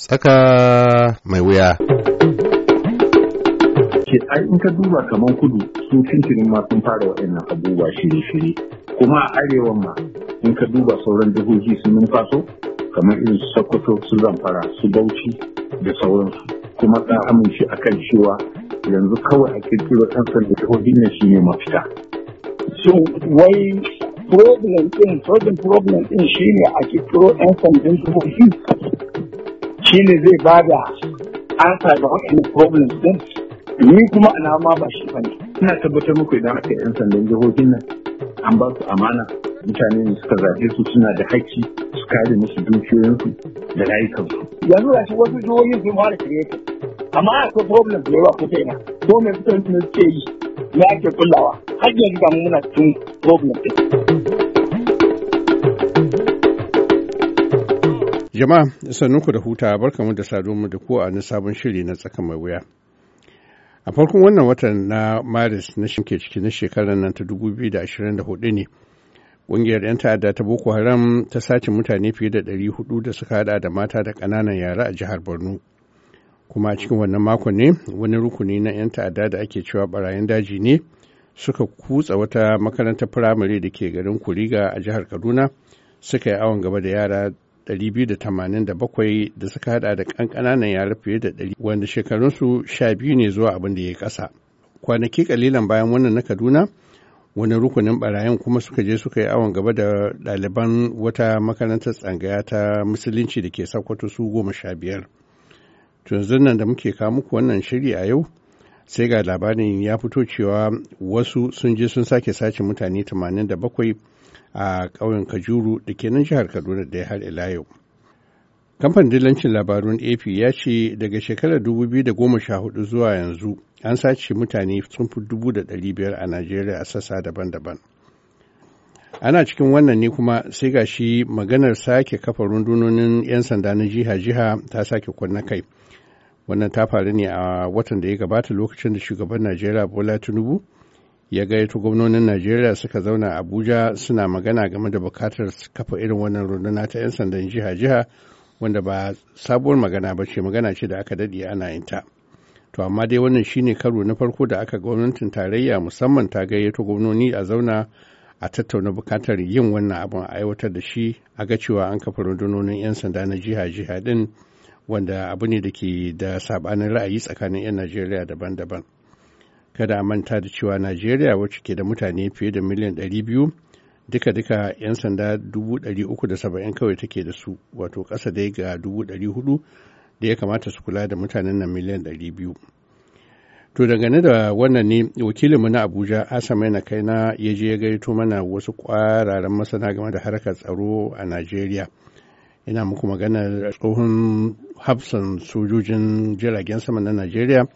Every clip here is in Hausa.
Saka mai wuya. Ke in ka duba kamar kudu su tuntunin ma sun fara waɗannan abubuwa shirye-shirye. Kuma a arewa ma in ka duba sauran jihohi sun numfaso kamar irin su Sokoto su Zamfara su Bauchi da sauransu. Kuma ta amince a kan cewa yanzu kawai a kirkiro ɗan sanda jihohi na shi ne mafita. So wai problem ɗin, problem problem ɗin shi ne a kirkiro ɗan sandan jihohi shi ne zai ba da ansa ga waɗannan problems din ni kuma ana ma ba shi ba Ina tabbatar muku idan aka 'yan sandan jihohin nan an ba su amana mutane ne suka zaɓe su suna da haƙƙi su kare musu dukiyoyinsu da layukansu Yanzu ga shi wasu jihohin sun fara kireta amma ko problems da yawa ko ta ina. Ko me suka yi yi me ake kullawa har yanzu ga muna cikin problem din Jama'a sannunku da huta barkamu da saduwa da ku a wani sabon shiri na tsaka mai wuya. A farkon wannan watan na Maris na shinke ciki na shekarar nan ta 2024 ne. Ƙungiyar 'yan ta'adda ta Boko Haram ta sace mutane fiye da 400 da suka hada da mata da kananan yara a jihar Borno. Kuma a cikin wannan makon ne wani rukuni na 'yan ta'adda da ake cewa barayin daji ne suka kutsa wata makarantar firamare da ke garin Kuriga a jihar Kaduna suka yi awon gaba da yara 287 da suka hada da kankananan yara fiye da 100 wanda shekarunsu 12 ne zuwa abin da ya kasa kwanaki kalilan bayan wannan na kaduna wani rukunin barayin kuma suka je suka yi awon gaba da ɗaliban wata makarantar tsangaya ta musulunci da ke sakwato su goma sha biyar tunzun nan da muke kawo muku wannan shiri a yau sai ga labarin ya fito cewa wasu sun je sun sake sace mutane 87 a ƙauyen kajuru da ke nan jihar kaduna da ya har ila yau kamfanin dillancin labarun ap ya ce daga shekarar dubu biyu da goma sha hudu zuwa yanzu an sace mutane sun fi biyar a najeriya a sassa daban-daban ana cikin wannan ne kuma sai ga shi maganar sake kafa rundunonin 'yan sanda na jiha-jiha ta sake kunna kai wannan ta faru ne a watan da ya gabata lokacin da shugaban najeriya bola tinubu ya gaito gwamnonin najeriya suka zauna abuja suna magana game da bukatar kafa irin wannan runduna ta 'yan sandan jiha-jiha wanda ba sabuwar magana ba ce magana ce da aka daɗe ana yin ta to amma dai wannan shine karo na farko da aka gwamnatin tarayya musamman ta gayyato gwamnoni a zauna a tattauna bukatar yin wannan abin a aiwatar da shi a ga cewa an kafa rundunonin 'yan sanda na jiha-jiha din wanda abu ne da ke da sabanin ra'ayi tsakanin 'yan najeriya daban-daban kada a manta da cewa najeriya wacce ke da mutane fiye da miliyan 200 duka-duka 'yan sanda 370 kawai take da su wato ƙasa dai ga 400 da ya kamata su kula da mutanen nan miliyan 200 to dangane da wannan ne wakilinmu na abuja asama na kaina ya je ya gaito mana wasu ƙwararren masana game da harkar tsaro a najeriya ina muku maganar tsohon hafsan sojojin jiragen sama na najeriya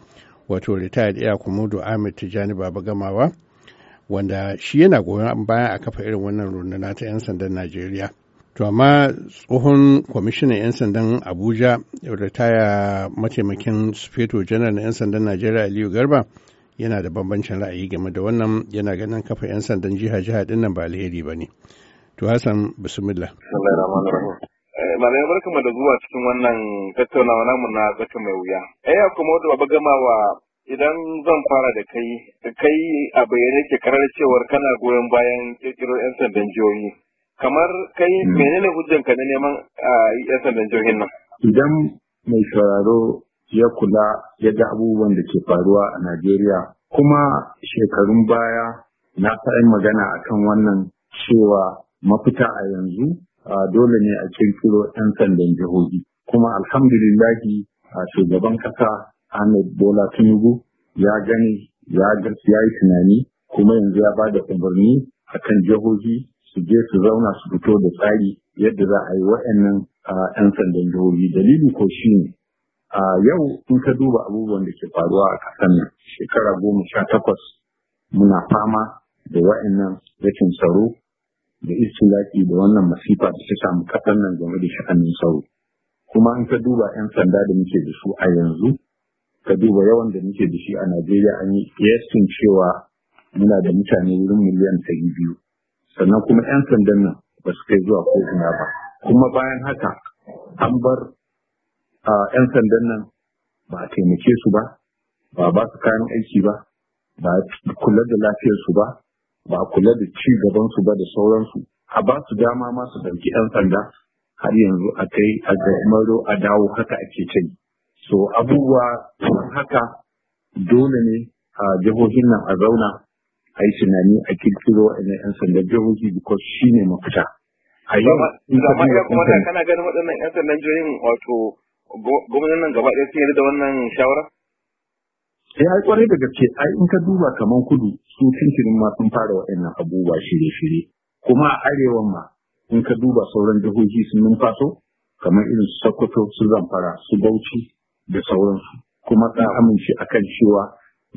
wato retired air mudu ahmed tijjani baba gamawa wanda shi yana goyon bayan a kafa irin wannan runduna ta 'yan sandan najeriya to amma tsohon kwamishinan 'yan sandan abuja ritaya mataimakin sufeto janar na 'yan sandan najeriya aliyu garba yana da bambancin ra'ayi game da wannan yana ganin kafa 'yan sandan jiha-jiha dinnan ba alheri ba ne to hassan bismillah malamai barkamu da zuwa cikin wannan tattaunawa namu na zaka mai wuya. Eh, Aya kuma wata baba gamawa idan zan fara da kai, kai a bayyane ke karar cewar kana goyon bayan ƙirƙiro 'yan sandan jihohi. Kamar kai hmm. menene ka na neman 'yan sandan jihohin nan? Idan mai sauraro ya kula ya ga abubuwan da ke faruwa a Najeriya kuma shekarun baya na fa'in magana akan wannan cewa mafita a yanzu dole ne a kirkiro 'yan sandan jihohi kuma alhamdulillahi a shugaban kasa ahmed bola tinubu ya gani ya yi tunani kuma yanzu ya ba da umarni a kan jihohi su je su zauna su fito da tsari yadda za a yi wa'annan 'yan sandan jihohi dalili ko shi ne yau in ka duba abubuwan da ke faruwa a ƙasar nan shekara goma sha takwas muna fama da wa'annan rikin tsaro da istilaki da wannan masifa da ta samu kaɗan nan game da sha'anin sauro kuma an ka duba 'yan sanda da muke da su a yanzu ka duba yawan da muke da shi a najeriya an yi kiyasin cewa muna da mutane wurin miliyan ɗari biyu sannan kuma 'yan sandan nan ba su kai zuwa ko ina ba kuma bayan haka an bar 'yan sandan nan ba a taimake su ba ba ba su kayan aiki ba ba kula da lafiyarsu ba ba kula da ci gabansu ba da sauransu a ba su dama ma su ɗauki 'yan sanda har yanzu a kai a maro a dawo haka ake cin so abubuwa haka dole ne a jihohin nan a zauna a yi tunani a kirkiro a 'yan sanda jihohi because shi ne mafita a Ba da kuma kana ganin waɗannan 'yan sandan jihohin wato gwamnatin nan gaba ɗaya sun yarda da wannan shawara sai ai kwarai da gaske ai in ka duba kaman kudu su tuntunin ma sun fara waɗannan abubuwa shirye-shirye kuma a arewan ma in ka duba sauran jihohi sun numfaso kamar irin su sokoto su zamfara su bauchi da sauransu kuma ta amince akan cewa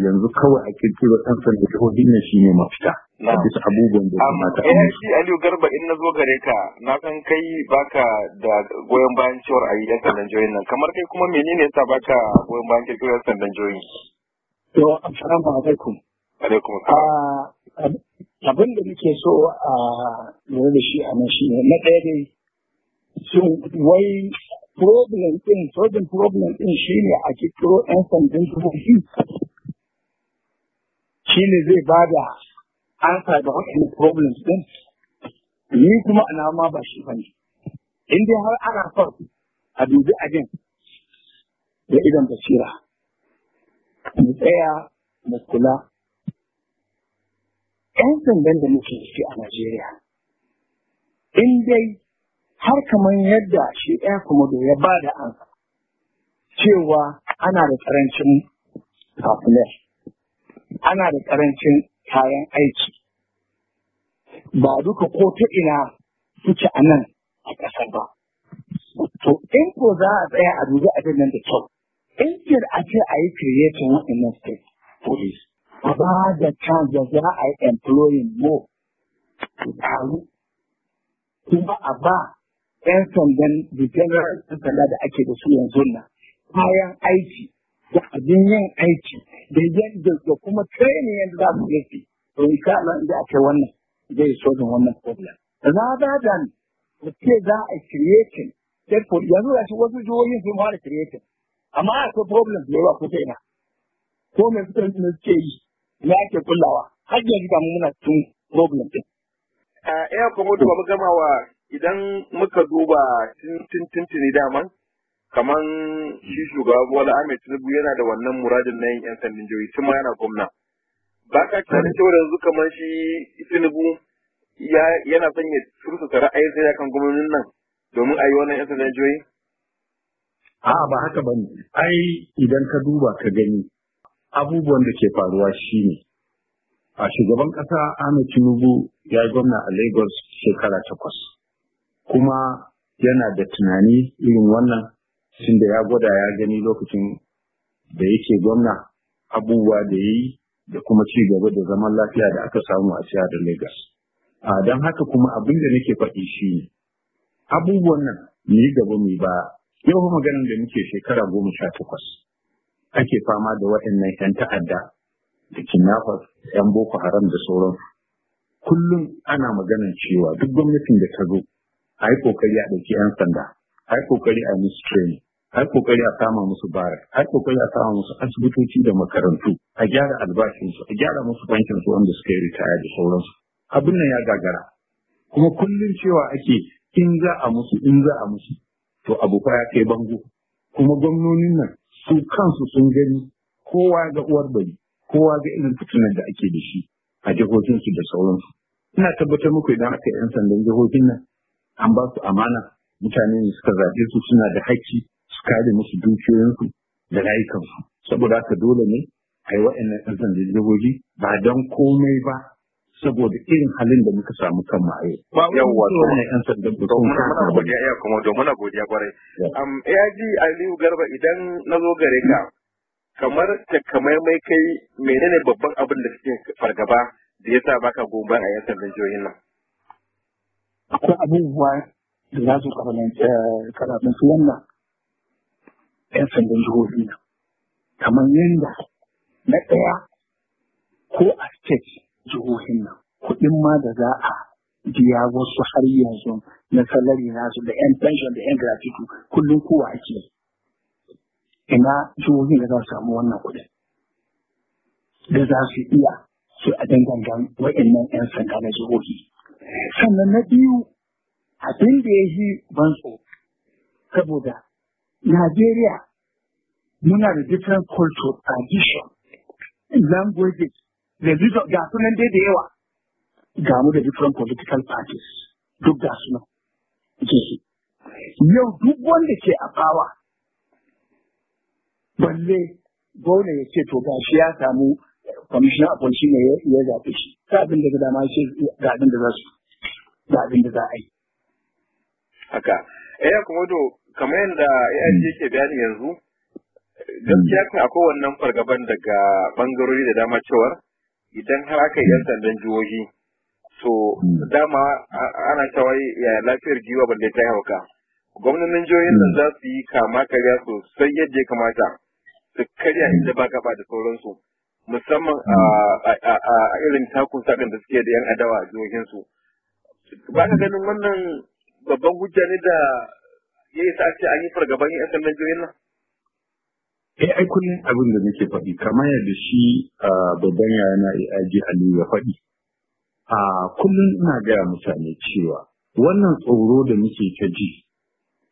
yanzu kawai a kirkiro ɗan sanda jihohin nan shi ne mafita a bisa abubuwan da ya amince. a eh, shi aliyu garba in na zo gare ka na san kai baka da goyon bayan cewar a yi ɗan sandan jihohin nan kamar kai kuma menene sa baka goyon bayan kirkiro ɗan sandan jihohin To, assalamu alaikum. Alaikum ah, Abin da muke so a ah, lura da shi a nan shi ne na ɗaya dai sun wai problem ɗin, sojin problem ɗin shi ne a kikiro ɗan sandan jihohi shi ne zai ba da ansa da waɗannan problems ɗin. Ni kuma ana ma ba shi ba ne. In har ana son a dubi ajin da idan basira. mu tsaya mu kula. ‘Yan sandan da muke ciki a Najeriya, in dai har kamar yadda shi ɗaya komodo ya ba da an cewa ana da ƙarancin kafular, ana da ƙarancin kayan aiki. Ba duka ko ta ina suke a nan a ƙasar ba. To, in ko za a tsaya a dubi abin nan da kyau, instead a ce a yi creating waɗannan state police a ba da chance da za a yi employing more su taru kuma a ba 'yan sandan da general sanda da ake da su yanzu na kayan aiki da abin yin aiki da yadda da kuma training yadda za su yake. to ka Allah inda ake wannan zai sojin wannan problem rather than da ce za a creating therefore yanzu da shi wasu jihohin sun fara creating amma akwai problem da yawa kusa ina ko mai fitar da suke yi me ake kullawa har yanzu ga muna cikin problem din a eh kuma da mu gama wa idan muka duba tun tun daman kaman shi shugaba Bola Ahmed Tinubu yana da wannan muradin na yin 'yan sandin jihohi tun ma yana gwamna ba ka tunanin cewa yanzu kamar shi Tinubu yana son ya furta ra'ayi sai kan gwamnatin nan domin a yi wannan 'yan sandin jihohi A'a ba haka ba ne Ai idan ka duba ka gani abubuwan da ke faruwa shi ne a shugaban ƙasa Ahmed Tinubu ya gwamna a Lagos shekara takwas. Kuma yana da tunani irin wannan cikin da ya gwada ya gani lokacin da yake gwamna abubuwa da ya yi da kuma ci gaba da zaman lafiya da aka samu a siya da Lagos. A don haka kuma abin da nake faɗi shi ne abubuwan nan mu gaba mai ba yau maganin da muke shekara goma sha takwas ake fama da waɗannan 'yan ta'adda da kidnappers 'yan boko haram da sauran kullum ana maganar cewa duk gwamnatin da ta zo a yi kokari a ɗauki 'yan sanda a yi kokari a musu training a yi kokari a kama musu barak a yi kokari a kama musu asibitoci da makarantu a gyara albashinsu a gyara musu su wanda suka yi ritaya da sauransu abin nan ya gagara kuma kullum cewa ake in za a musu in za a musu to abu fa ya kai bango kuma gwamnonin nan su kansu sun gani kowa ga uwar bari kowa ga irin fitinar da ake da shi a jihohinsu da sauransu ina tabbatar muku idan aka yan sandan jihohin nan an ba su amana mutane ne suka zaɓe su suna da haƙƙi su kare musu dukiyoyinsu da rayukansu saboda haka dole ne a yi waɗannan yan jihohi ba don komai ba saboda irin halin da muka samu kan ma yau. Ba yawa to ne yan sandan ku kuma muna godiya ya kuma don muna godiya Am AIG Aliyu Garba idan na zo gare ka kamar mai kai menene babban abin da kake fargaba da yasa baka gobe a yan sandan jihohin nan. Akwai abubuwa da za su karatun eh, su wannan yan sandan jihohin nan. Kamar yadda na ɗaya ko a state jihohin nan kuɗin ma da za a biya wasu har yanzu na salari nasu da yan pension da yan gratitude kullum kowa ake ina jihohin da za su samu wannan kuɗin da za su iya su a dangangan waɗannan yan sanda na jihohi sannan na biyu abin da ya yi ban saboda Najeriya muna da different culture tradition languages yanzu ga sunan dai da yawa ga mu da different political parties duk ga nan. yau duk wanda ke a bawa balle gona ya ce to ga shi ya samu kwamishinan abinci ne ya zaɓe shi ta abin da ga dama ce ga abin da za su ga abin da za a yi haka eh kuma do kamar yadda AIG ke bayani yanzu hmm. gaskiya kan akwai wannan fargaban daga bangarori da dama cewar idan har aka yi yan sandan jihohi to hmm. dama ana cewa ya lafiyar jiwa dai ta hauka gwamnatin jihohin nan hmm. za su yi kama karya sai yadda ya kamata su karya hmm. inda ba gaba da sauransu musamman a irin takun sakan da suke da yan adawa a su ba ka ganin wannan babban hujja ne da ya yi sa an yi fargaban yan sandan jihohin nan eh ai kullum abin da nake faɗi kamar yadda shi babban yana AIG Aliyu ya faɗi a kullum ina gaya mutane cewa wannan tsoro da muke ta ji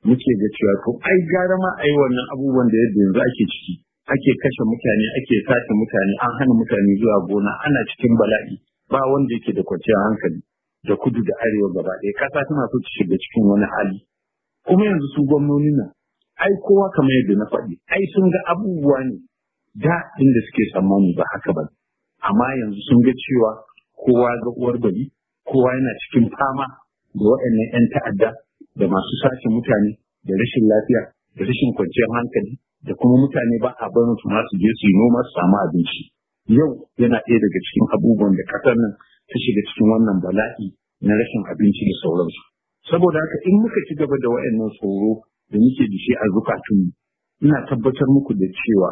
muke ga cewa to ai gara ma ai wannan abubuwan da yadda yanzu ake ciki ake kashe mutane ake sace mutane an hana mutane zuwa gona ana cikin bala'i ba wanda yake da kwanciyar hankali da kudu da arewa gaba ɗaya ƙasa tana so ta shiga cikin wani hali kuma yanzu su gwamnoni na ai kowa kamar yadda na faɗi ai sun ga abubuwa ne da inda suke tsammani ba haka ba amma yanzu sun ga cewa kowa ga uwar bari kowa yana cikin fama da waɗannan 'yan ta'adda da masu sace mutane da rashin lafiya da rashin kwanciyar hankali da kuma mutane ba a barin su ma je su yi noma su samu abinci yau yana ɗaya daga cikin abubuwan da ƙasar nan ta shiga cikin wannan bala'i na rashin abinci da sauransu saboda haka in muka ci gaba da waɗannan tsoro da muke da shi a zukatunmu ina tabbatar muku da cewa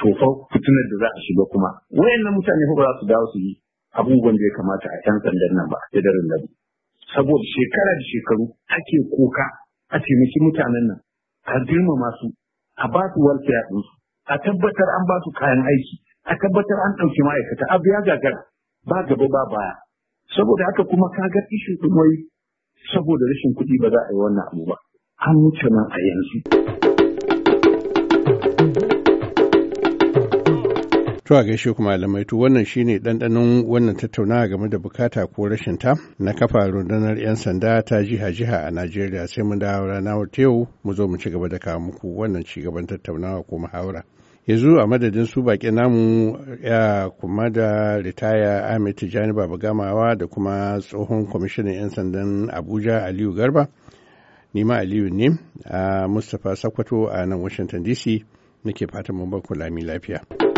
tofa fitinar da za a shiga kuma wayannan mutane ko ba za su dawo su yi abubuwan da ya kamata a yan sandan nan ba a jadarin nan saboda shekara da shekaru ake kuka a taimaki mutanen nan a girmama su a ba su walfiya ɗinsu a tabbatar an ba su kayan aiki a tabbatar an ɗauki ma'aikata a biya gagara ba gaba ba baya saboda haka kuma ka ga ishin ɗin wai saboda rashin kuɗi ba za a yi wannan abu ba an wuce nan a yanzu. To gaishe kuma alamaitu wannan shine ɗanɗanon wannan tattaunawa game da bukata ko rashin ta na kafa rundunar 'yan sanda ta jiha-jiha a Najeriya sai mun dawo rana ta yau mu zo mu ci gaba da kawo muku wannan ci gaban tattaunawa ko muhawara. Yanzu a madadin su baƙi namu ya kuma da ritaya Ahmed Tijjani Babu Gamawa da kuma tsohon kwamishinan 'yan sandan Abuja Aliyu Garba. Nima Aliyu ne a Mustapha Sakwato a nan Washington DC nake fatan mun bar ku lami lafiya.